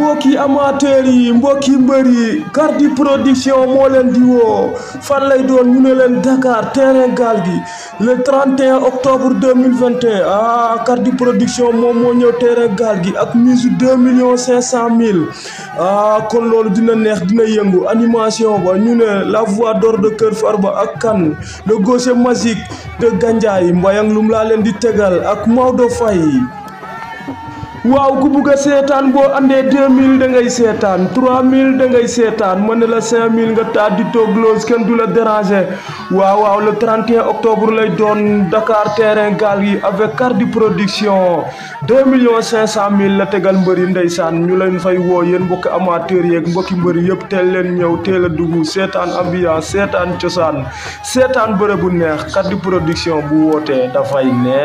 mboki amateur yi mboki mbër yi production mo len di wo fan lay doon ñu ne len Dakar terrain gal gi le 31 octobre 2021 ah Gardi production mo mo ñew terrain gal gi ak mise 2 millions 500 ah kon lolu dina neex dina yëngu animation ba ñu ne la voix d'or de cœur Farba ak kan le gosse magique de Gandiaye mbayang lum la len di tegal ak Maodo Faye waaw ku bugg a seetaan boo andee deux mille da ngay seetaan trois mille da ngay seetaan ma ne la cinq mille nga taat di toog loos kenn du la déranger waaw waaw le octobre lay doon Dakar terrain gaal gi avec Cardi Production deux millions cinq cent mille la tegal mbëri ndeysaan ñu leen fay woo yéen mbokki amateurs yeeg mbokki mbëri yëpp teel leen ñëw teel a dugg seetaan ambiance seetaan cosaan seetaan bërëb bu neex Cardi Production bu wootee dafay neex